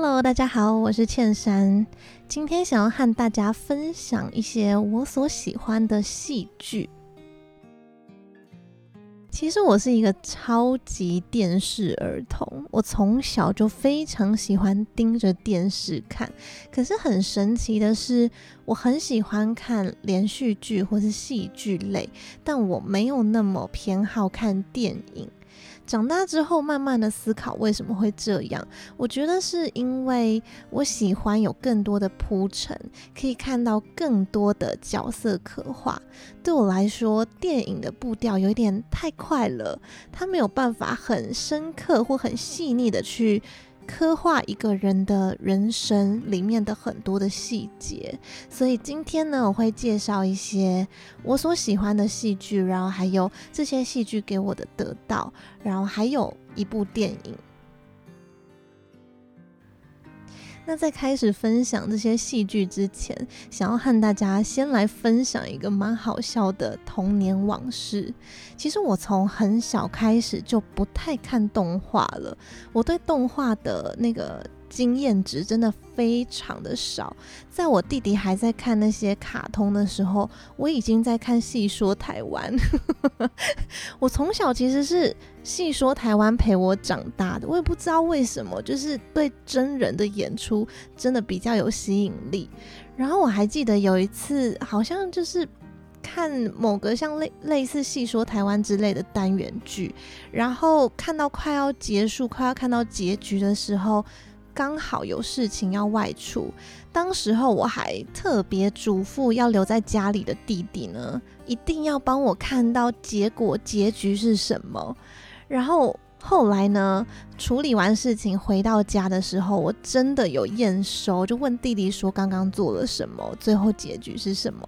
Hello，大家好，我是茜珊，今天想要和大家分享一些我所喜歡的戲劇。其實我是一個超級電視兒童，我從小就非常喜歡盯着電視看。可是很神奇的是，我很喜歡看連續劇或是戲劇類，但我沒有那麼偏好看電影。長大之後，慢慢的思考為什麼會這樣。我覺得是因為我喜歡有更多的鋪陳，可以看到更多的角色刻畫。對我來說，電影的步調有點太快了，它沒有辦法很深刻或很細膩的去。刻畫一個人的人生裡面的很多的細節，所以今天呢，我會介紹一些我所喜歡的戲劇，然後還有這些戲劇給我的得到，然後還有一部電影。那在開始分享這些戲劇之前，想要和大家先來分享一個蠻好笑的童年往事。其實我從很小開始就不太看動畫了，我對動畫的那個。經驗值真的非常的少，在我弟弟還在看那些卡通的時候，我已經在看《戲說台灣。》 我從小其實是《戲說台灣》陪我長大的，我也不知道為什麼，就是對真人的演出真的比較有吸引力。然後我還記得有一次，好像就是看某個像類類似《戲說台灣》之類的單元劇，然後看到快要結束，快要看到結局的時候，剛好有事情要外出，當時候我還特別囑咐要留在家裡的弟弟呢，一定要幫我看到結果結局是什麼。然後後來呢，處理完事情回到家的時候，我真的有驗收，就問弟弟說剛剛做了什麼，最後結局是什麼？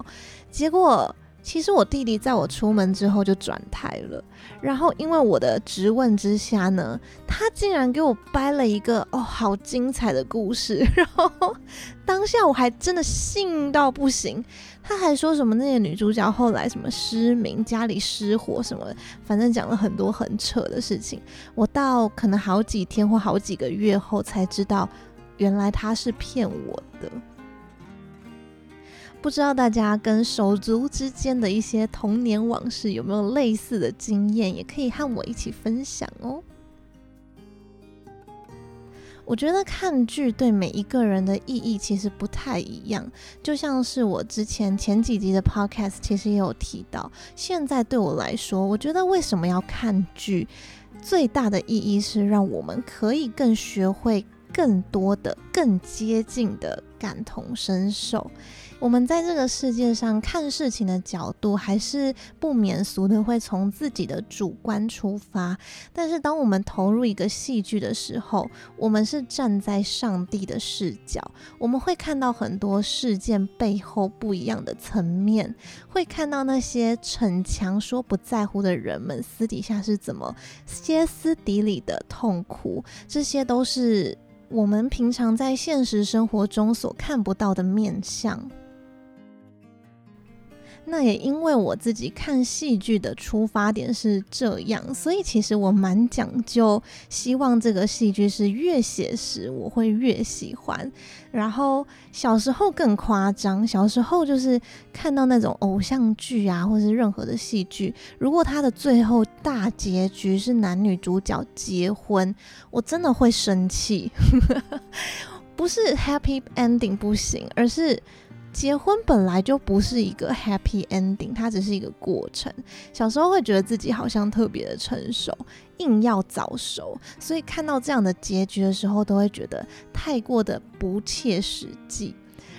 結果……其實我弟弟在我出門之後就轉台了，然後因為我的質問之下呢，他竟然給我掰了一個哦好精彩的故事，然後當下我還真的信到不行，他還說什麼那些女主角後來什麼失明、家裡失火什麼的，反正講了很多很扯的事情。我到可能好幾天或好幾個月後才知道，原來他是騙我的。不知道大家跟手足之間的一些童年往事有沒有類似的經驗，也可以和我一起分享哦。我覺得看劇對每一個人的意義其實不太一樣，就像是我之前前幾集的 podcast 其實也有提到，現在對我來說，我覺得為什麼要看劇，最大的意義是讓我們可以更學會。更多的、更接近的感同身受。我們在這個世界上看事情的角度，還是不免俗的會從自己的主觀出發。但是，當我們投入一個戲劇的時候，我們是站在上帝的視角，我們會看到很多事件背後不一樣的層面，會看到那些逞強說不在乎的人們私底下是怎麼歇斯底里的痛苦。這些都是。我們平常在現實生活中所看不到的面相。那也因為我自己看戲劇的出發點是這樣，所以其實我蠻講究，希望這個戲劇是越寫實，我會越喜歡。然後小時候更誇張，小時候就是看到那種偶像劇啊，或是任何的戲劇，如果他的最後大結局是男女主角結婚，我真的會生氣。 不是 happy ending 不行，而是。結婚本來就不是一個 happy ending，它只是一個過程。小時候會覺得自己好像特別的成熟，硬要早熟，所以看到這樣的結局的時候，都會覺得太過的不切實際。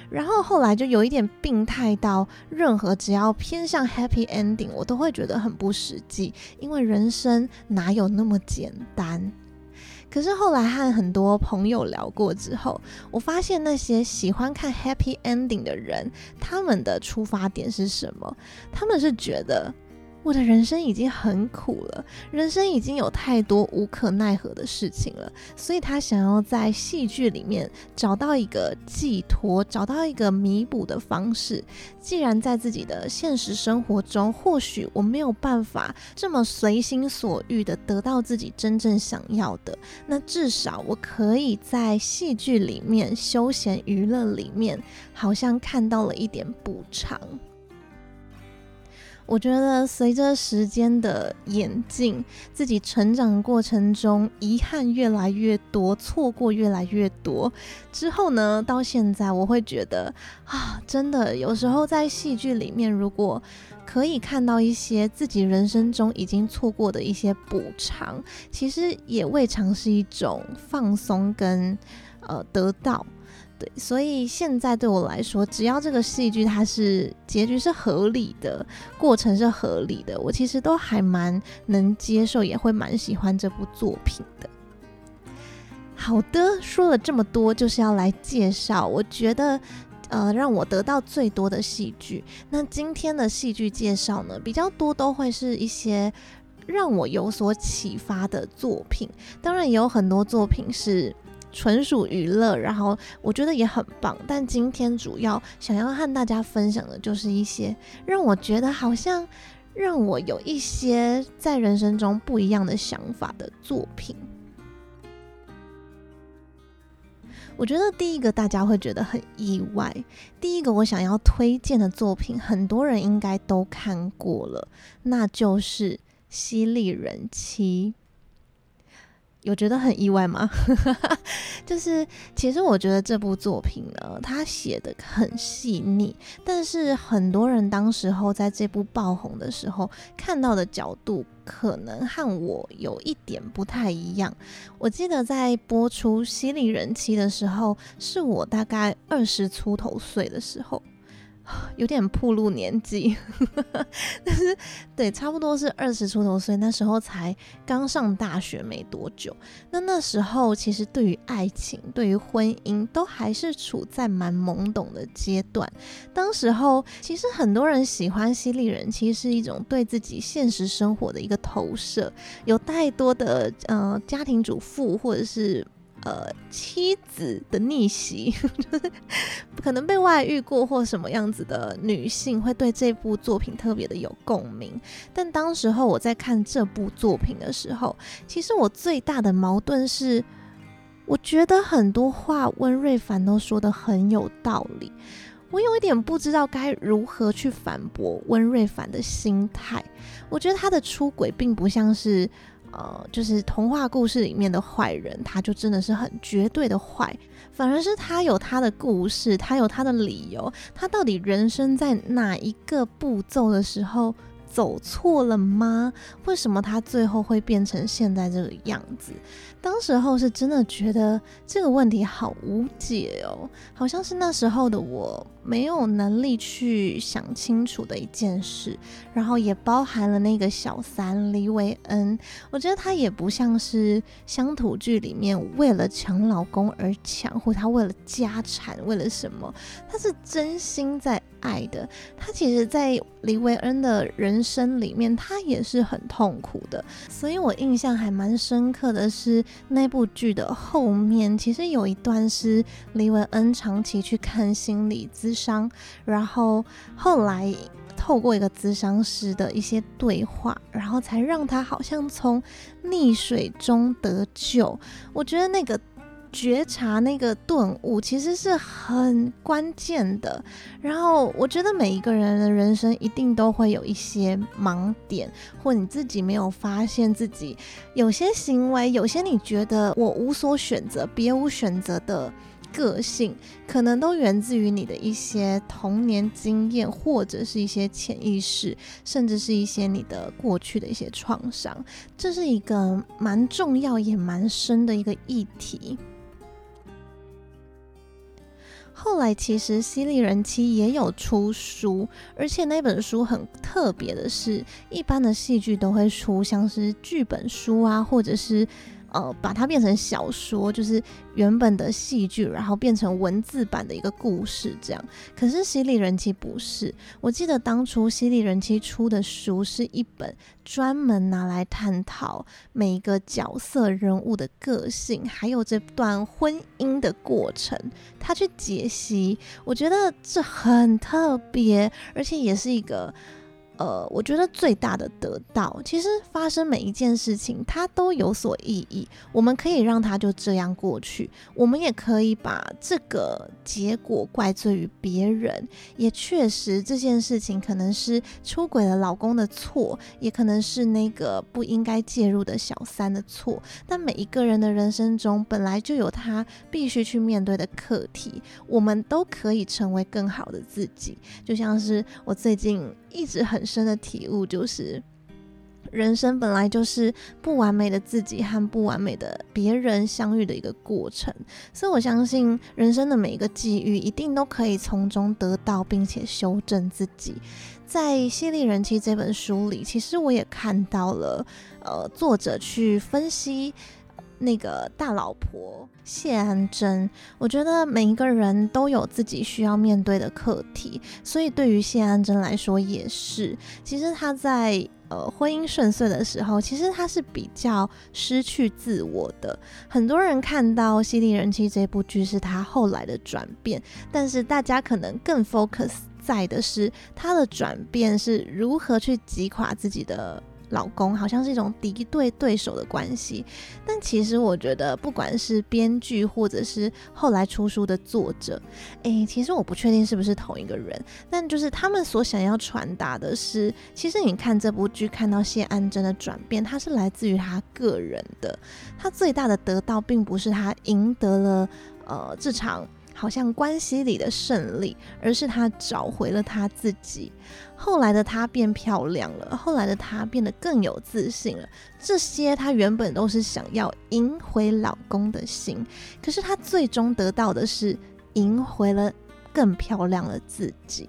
然後後來就有一點病態到，任何只要偏向 happy ending，我都會覺得很不實際，因為人生哪有那麼簡單。可是後來和很多朋友聊過之後，我發現那些喜歡看 happy ending 的人，他們的出發點是什麼？他們是覺得。我的人生已經很苦了，人生已經有太多無可奈何的事情了，所以他想要在戲劇裡面找到一個寄托，找到一個彌補的方式。既然在自己的現實生活中，或許我沒有辦法這麼隨心所欲的得到自己真正想要的，那至少我可以在戲劇裡面、休閒娛樂裡面，好像看到了一點補償。我覺得隨着時間的演進，自己成長過程中遺憾越來越多，錯過越來越多。之後呢？到現在，我會覺得啊，真的有時候在戲劇裡面，如果可以看到一些自己人生中已經錯過的一些補償，其實也未嘗是一種放鬆跟呃得到。所以現在對我來說，只要這個戲劇它是結局是合理的，過程是合理的，我其實都還蠻能接受，也會蠻喜歡這部作品的。好的，說了這麼多，就是要來介紹我覺得，呃，讓我得到最多的戲劇。那今天的戲劇介紹呢，比較多都會是一些讓我有所啟發的作品。當然，也有很多作品是。純屬娛樂，然後我覺得也很棒。但今天主要想要和大家分享的就是一些讓我覺得好像讓我有一些在人生中不一樣的想法的作品。我覺得第一個大家會覺得很意外，第一個我想要推薦的作品，很多人應該都看過了，那就是《犀利人妻》。有覺得很意外嗎？ 就是其實我覺得這部作品呢，它寫的很細膩，但是很多人當時候在這部爆紅的時候看到的角度，可能和我有一點不太一樣。我記得在播出《犀利人妻》的時候，是我大概二十出頭歲的時候。有點暴露年紀，但是對，差不多是二十出頭，所以那時候才剛上大學沒多久。那那時候其實對於愛情、對於婚姻都還是處在蠻懵懂的階段。當時候其實很多人喜歡犀利人，其實是一種對自己現實生活的一個投射。有太多的呃家庭主婦或者是。呃，妻子的逆襲，可能被外遇過或什麼樣子的女性會對這部作品特別的有共鳴。但當時候我在看這部作品的時候，其實我最大的矛盾是，我覺得很多話溫瑞凡都說得很有道理，我有一點不知道該如何去反駁溫瑞凡的心態。我覺得他的出軌並不像是。呃，就是童話故事裡面的壞人，他就真的是很絕對的壞，反而是他有他的故事，他有他的理由，他到底人生在哪一個步驟的時候走錯了嗎？為什麼他最後會變成現在這個樣子？當時候是真的覺得這個問題好無解哦，好像是那時候的我沒有能力去想清楚的一件事，然後也包含了那個小三黎維恩，我覺得她也不像是鄉土劇裡面為了搶老公而搶，或她為了家產為了什麼，她是真心在愛的。她其實，在黎維恩的人生裡面，她也是很痛苦的，所以我印象還蠻深刻的是。那部劇的後面，其實有一段是李文恩長期去看心理諮商，然後後來透過一個諮商師的一些對話，然後才讓他好像從溺水中得救。我覺得那個。覺察那個頓悟其實是很關鍵的。然後，我覺得每一個人的人生一定都會有一些盲點，或你自己沒有發現自己有些行為，有些你覺得我無所選擇、別無選擇的個性，可能都源自於你的一些童年經驗，或者是一些潛意識，甚至是一些你的過去的一些創傷。這是一個蠻重要也蠻深的一個議題。後來其實《犀利人妻》也有出書，而且那本書很特別的是，一般的戲劇都會出，像是劇本書啊，或者是。呃，把它變成小說，就是原本的戲劇，然後變成文字版的一個故事這樣。可是犀利人妻不是，我記得當初犀利人妻出的書是一本專門拿來探討每一個角色人物的個性，還有這段婚姻的過程，他去解析，我覺得這很特別，而且也是一個。呃，我覺得最大的得到，其實發生每一件事情，它都有所意義。我們可以讓它就這樣過去，我們也可以把這個結果怪罪於別人。也確實，這件事情可能是出軌的老公的錯，也可能是那個不應該介入的小三的錯。但每一個人的人生中，本來就有他必須去面對的課題。我們都可以成為更好的自己，就像是我最近。一直很深的體悟就是，人生本來就是不完美的自己和不完美的別人相遇的一個過程，所以我相信人生的每一個際遇一定都可以從中得到，並且修正自己。在《犀利人妻》這本書裡，其實我也看到了，呃，作者去分析那個大老婆。謝安真，我覺得每一個人都有自己需要面對的課題，所以對於謝安真來說也是。其實他在呃婚姻，順遂的時候，其實他是比較失去自我的。很多人看到《犀利人妻》這部劇是他後來的轉變，但是大家可能更 focus 在的是他的轉變是如何去擊垮自己的。老公好像是一種敵對對手的關係，但其實我覺得，不管是編劇或者是後來出書的作者，誒、欸，其實我不確定是不是同一個人，但就是他們所想要傳達的是，其實你看這部劇，看到謝安真的轉變，他是來自於他個人的，他最大的得到並不是他贏得了，呃，這場。好像關係裡的勝利，而是她找回了她自己。後來的她變漂亮了，後來的她變得更有自信了。這些她原本都是想要贏回老公的心，可是她最終得到的是贏回了更漂亮的自己。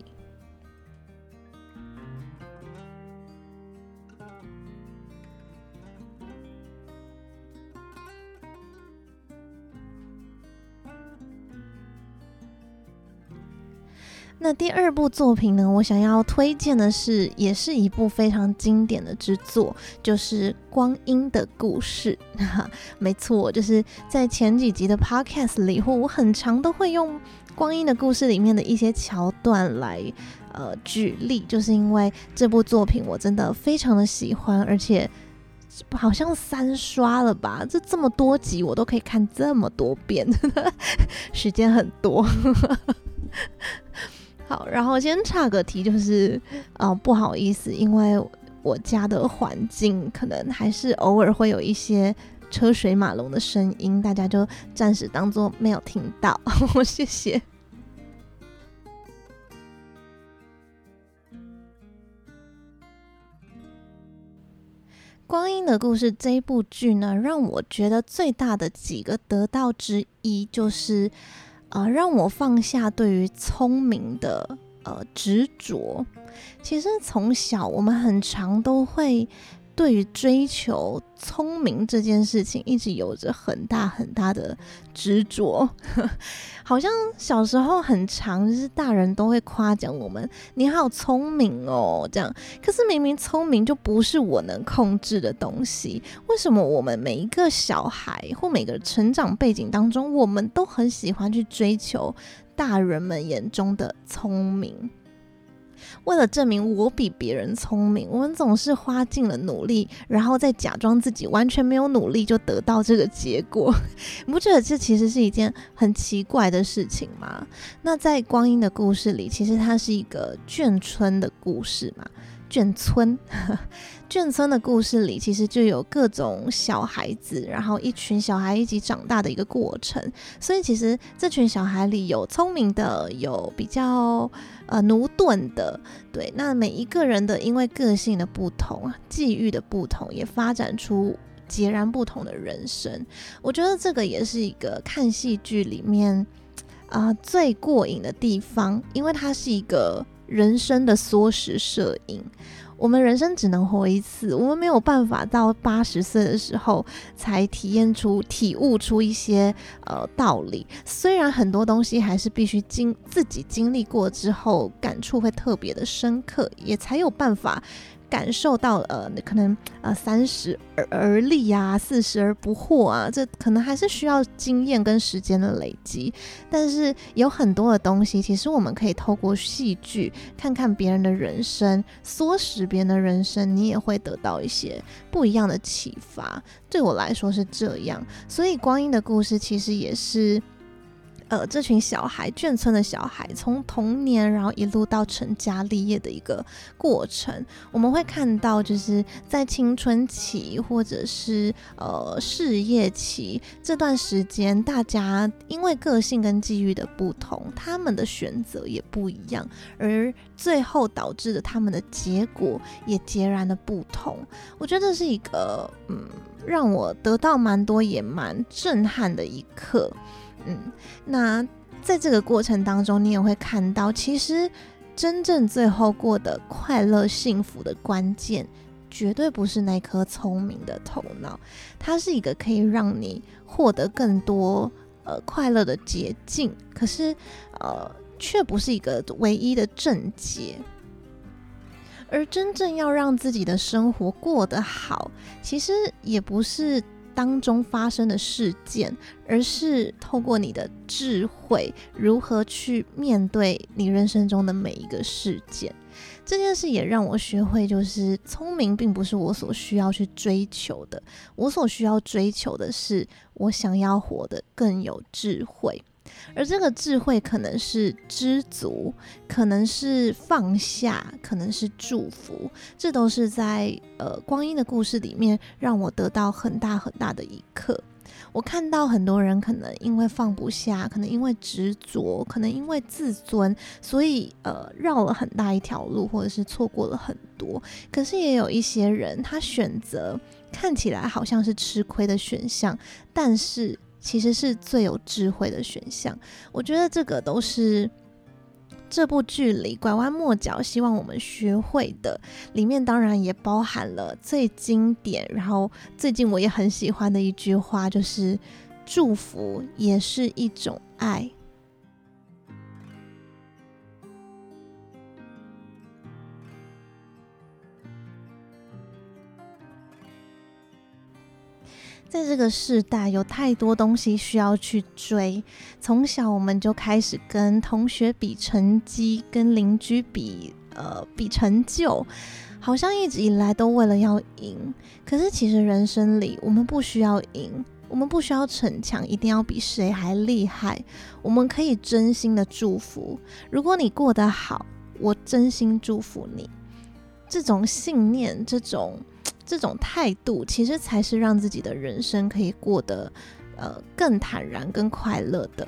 那第二部作品呢？我想要推薦的是，也是一部非常經典的之作，就是《光陰的故事。》 沒錯，就是在前幾集的 podcast 裡，或我很常都會用《光陰的故事》裡面的一些橋段來呃舉例，就是因為這部作品我真的非常的喜歡，而且好像三刷了吧？這這麼多集我都可以看這麼多遍， 時間很多。 好，然後先岔個題，就是，呃，不好意思，因為我家的環境可能還是偶爾會有一些車水馬龍的聲音，大家就暫時當做沒有聽到。呵呵，謝謝。《光陰的故事》這部劇呢，讓我覺得最大的幾個得到之一就是。啊、呃，讓我放下對於聰明的呃執着。其實從小我們很常都會。對於追求聰明這件事情，一直有着很大很大的執着。 好像小時候很常，就是大人都會誇獎我們：“你好聰明哦。”這樣，可是明明聰明就不是我能控制的東西。為什麼我們每一個小孩或每個成長背景當中，我們都很喜歡去追求大人們眼中的聰明？為了證明我比別人聰明，我們總是花盡了努力，然後再假裝自己完全沒有努力就得到這個結果。你 不覺得這其實是一件很奇怪的事情嗎？那在《光陰的故事》裡，其實它是一個眷村的故事嘛。眷村， 眷村的故事裡其實就有各種小孩子，然後一群小孩一起長大的一個過程。所以其實這群小孩裡有聰明的，有比較。呃，奴頓的對，那每一個人的，因為個性的不同啊，際遇的不同，也發展出截然不同的人生。我覺得這個也是一個看戲劇裡面啊，呃，最過癮的地方，因為它是一個人生的縮時攝影。我們人生只能活一次，我們沒有辦法到八十歲的時候才體驗出、體悟出一些呃道理。雖然很多東西還是必須經自己經歷過之後，感觸會特別的深刻，也才有辦法感受到了呃，可能啊、呃、三十而，而立呀，啊，四十而不惑啊，這可能還是需要經驗跟時間的累積。但是有很多的東西，其實我們可以透過戲劇看看別人的人生，唆使別人的人生，你也會得到一些不一樣的啟發。對我來說是這樣，所以光陰的故事其實也是。呃，這群小孩，眷村的小孩，從童年，然後一路到成家立業的一個過程，我們會看到，就是在青春期或者是呃事業期這段時間，大家因為個性跟際遇的不同，他們的選擇也不一樣，而最後導致的他們的結果也截然的不同。我覺得這是一個嗯，讓我得到蠻多也蠻震撼的一刻。嗯，那在這個過程當中，你也會看到，其實真正最後過得快樂幸福的關鍵，絕對不是那顆聰明的頭腦，它是一個可以讓你獲得更多呃快樂的捷徑，可是呃卻不是一個唯一的正解。而真正要讓自己的生活過得好，其實也不是。當中發生的事件，而是透過你的智慧，如何去面對你人生中的每一個事件。這件事也讓我學會，就是聰明並不是我所需要去追求的，我所需要追求的是我想要活得更有智慧。而這個智慧可能是知足，可能是放下，可能是祝福，這都是在呃光陰的故事裡面讓我得到很大很大的一刻。我看到很多人可能因為放不下，可能因為執着，可能因為自尊，所以呃繞了很大一條路，或者是錯過了很多。可是也有一些人，他選擇看起來好像是吃虧的選項，但是。其實是最有智慧的選項，我覺得這個都是這部劇裡拐彎抹角，希望我們學會的。裡面當然也包含了最經典，然後最近我也很喜歡的一句話，就是“祝福也是一種愛”。在這個世代，有太多東西需要去追。從小我們就開始跟同學比成績，跟鄰居比呃比成就，好像一直以來都為了要贏。可是其實人生裡，我們不需要贏，我們不需要逞強，一定要比誰還厲害。我們可以真心的祝福，如果你過得好，我真心祝福你。這種信念，這種。這種態度其實才是讓自己的人生可以過得，呃，更坦然、更快樂的。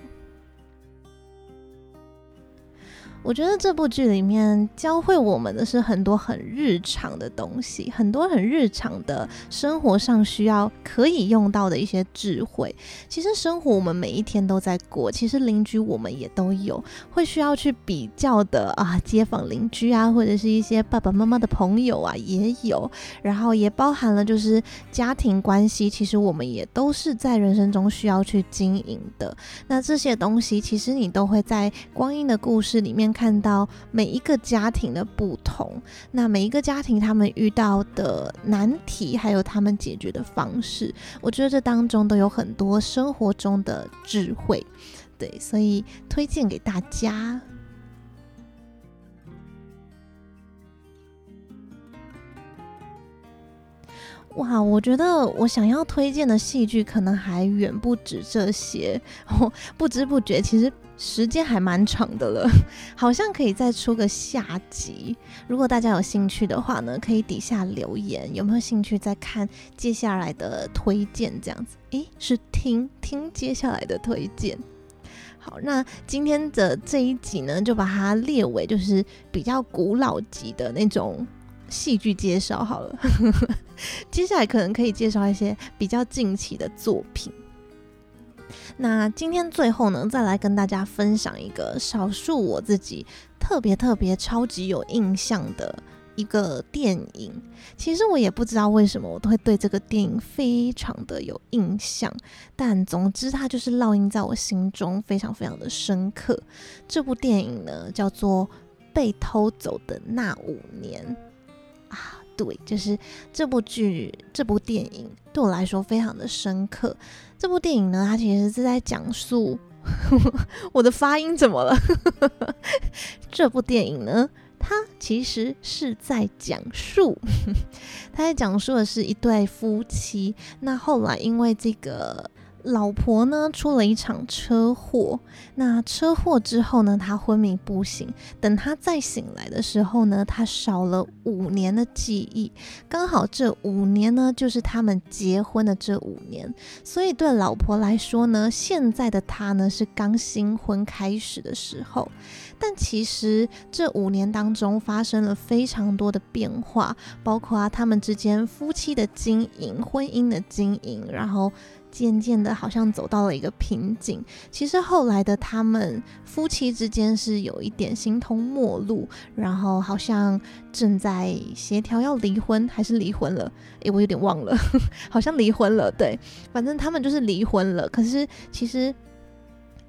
我覺得這部劇裡面教會我們的是很多很日常的東西，很多很日常的生活上需要可以用到的一些智慧。其實生活我們每一天都在過，其實鄰居我們也都有，會需要去比較的啊，街坊鄰居啊，或者是一些爸爸媽媽的朋友啊，也有。然後也包含了就是家庭關係，其實我們也都是在人生中需要去經營的。那這些東西其實你都會在《光陰的故事》裡面。看到每一個家庭的不同，那每一個家庭他們遇到的難題，還有他們解決的方式，我覺得這當中都有很多生活中的智慧，對，所以推薦給大家。哇，我覺得我想要推薦的戲劇可能還遠不止這些，不知不覺其實。時間還蠻長的了，好像可以再出個下集。如果大家有興趣的話呢，可以底下留言，有沒有興趣再看接下來的推薦？這樣子，誒、欸，是聽聽接下來的推薦。好，那今天的這一集呢，就把它列為就是比較古老級的那種戲劇介紹好了。 接下來可能可以介紹一些比較近期的作品。那今天最後呢，再來跟大家分享一個少數我自己特別特別超級有印象的一個電影。其實我也不知道為什麼我都會對這個電影非常的有印象，但總之它就是烙印在我心中非常非常的深刻。這部電影呢，叫做《被偷走的那五年》。對，就是這部劇、這部電影對我來說非常的深刻。這部電影呢，它其實是在講述 我的發音怎麼了？ 這部電影呢，它其實是在講述， 它在講述的是一對夫妻。那後來因為這個。老婆呢，出了一場車禍，那車禍之後呢，她昏迷不醒。等她再醒來的時候呢，她少了五年的記憶，剛好這五年呢，就是他們結婚的這五年。所以對老婆來說呢，現在的她呢，是剛新婚開始的時候。但其實這五年當中發生了非常多的變化，包括啊，他們之間夫妻的經營，婚姻的經營，然後漸漸的好像走到了一個瓶頸。其實後來的他們夫妻之間是有一點形同陌路，然後好像正在協調要離婚，還是離婚了？誒、欸，我有點忘了，好像離婚了。對，反正他們就是離婚了。可是其實。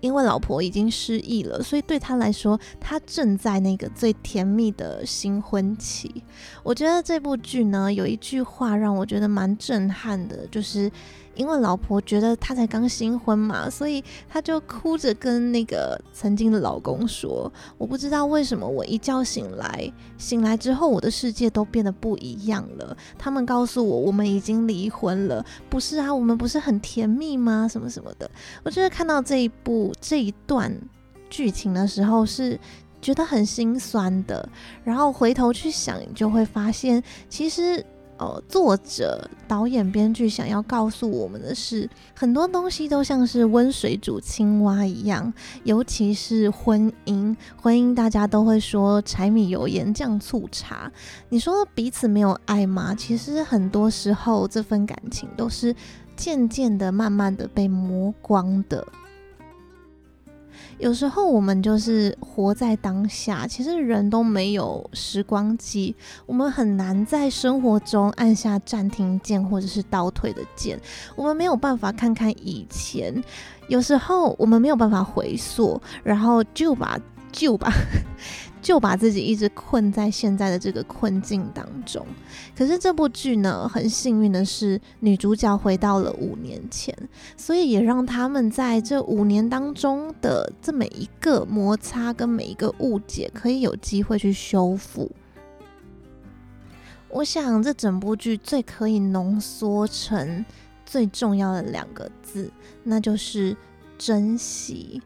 因為老婆已經失憶了，所以對他來說，他正在那個最甜蜜的新婚期。我覺得這部劇呢，有一句話讓我覺得蠻震撼的，就是。因為老婆覺得她才剛新婚嘛，所以她就哭着跟那個曾經的老公說：“我不知道為什麼我一覺醒來，醒來之後我的世界都變得不一樣了。他們告訴我我們已經離婚了，不是啊？我們不是很甜蜜嗎？什麼什麼的。”我就是看到這一部這一段劇情的時候是覺得很心酸的，然後回頭去想就會發現其實。呃、哦，作者、導演、編劇想要告訴我們的是，很多東西都像是溫水煮青蛙一樣，尤其是婚姻。婚姻大家都會說柴米油鹽醬醋茶，你說彼此沒有愛嗎？其實很多時候，這份感情都是漸漸的、慢慢的被磨光的。有時候我們就是活在當下，其實人都沒有時光機，我們很難在生活中按下暫停鍵或者是倒退的鍵，我們沒有辦法看看以前，有時候我們沒有辦法回溯，然後就把。就把就把自己一直困在現在的這個困境當中。可是這部劇呢，很幸運的是女主角回到了五年前，所以也讓他們在這五年當中的這每一個摩擦跟每一個誤解，可以有機會去修復。我想這整部劇最可以濃縮成最重要的兩個字，那就是珍惜。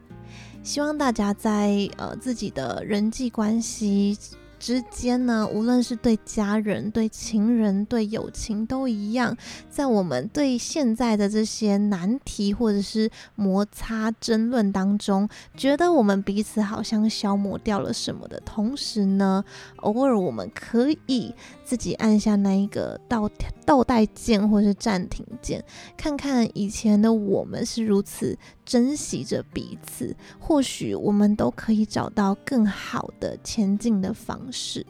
希望大家在，呃，自己的人際關係之間呢，無論是對家人、對情人、對友情都一樣。在我們對現在的這些難題或者是摩擦、爭論當中，覺得我們彼此好像消磨掉了什麼的同時呢，偶爾我們可以自己按下那一個倒倒帶鍵或是暫停鍵，看看以前的我們是如此珍惜着彼此。或許我們都可以找到更好的前進的方。是。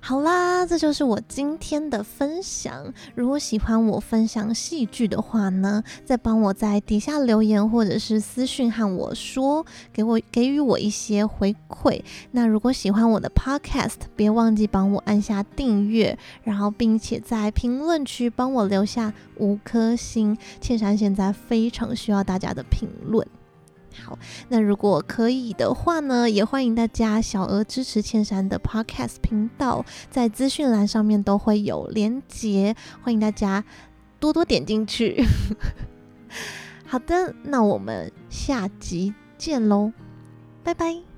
好啦，這就是我今天的分享。如果喜歡我分享戲劇的話呢，再幫我在底下留言，或者是私訊和我說，給我給予我一些回饋。那如果喜歡我的 podcast，別忘記幫我按下訂閱，然後並且在評論區幫我留下五顆星。茜珊現在非常需要大家的評論。好，那如果可以的話呢，也歡迎大家小額支持茜珊的 Podcast 頻道，在資訊欄上面都會有連結，歡迎大家多多點進去。 好的，那我們下集見嘍，拜拜。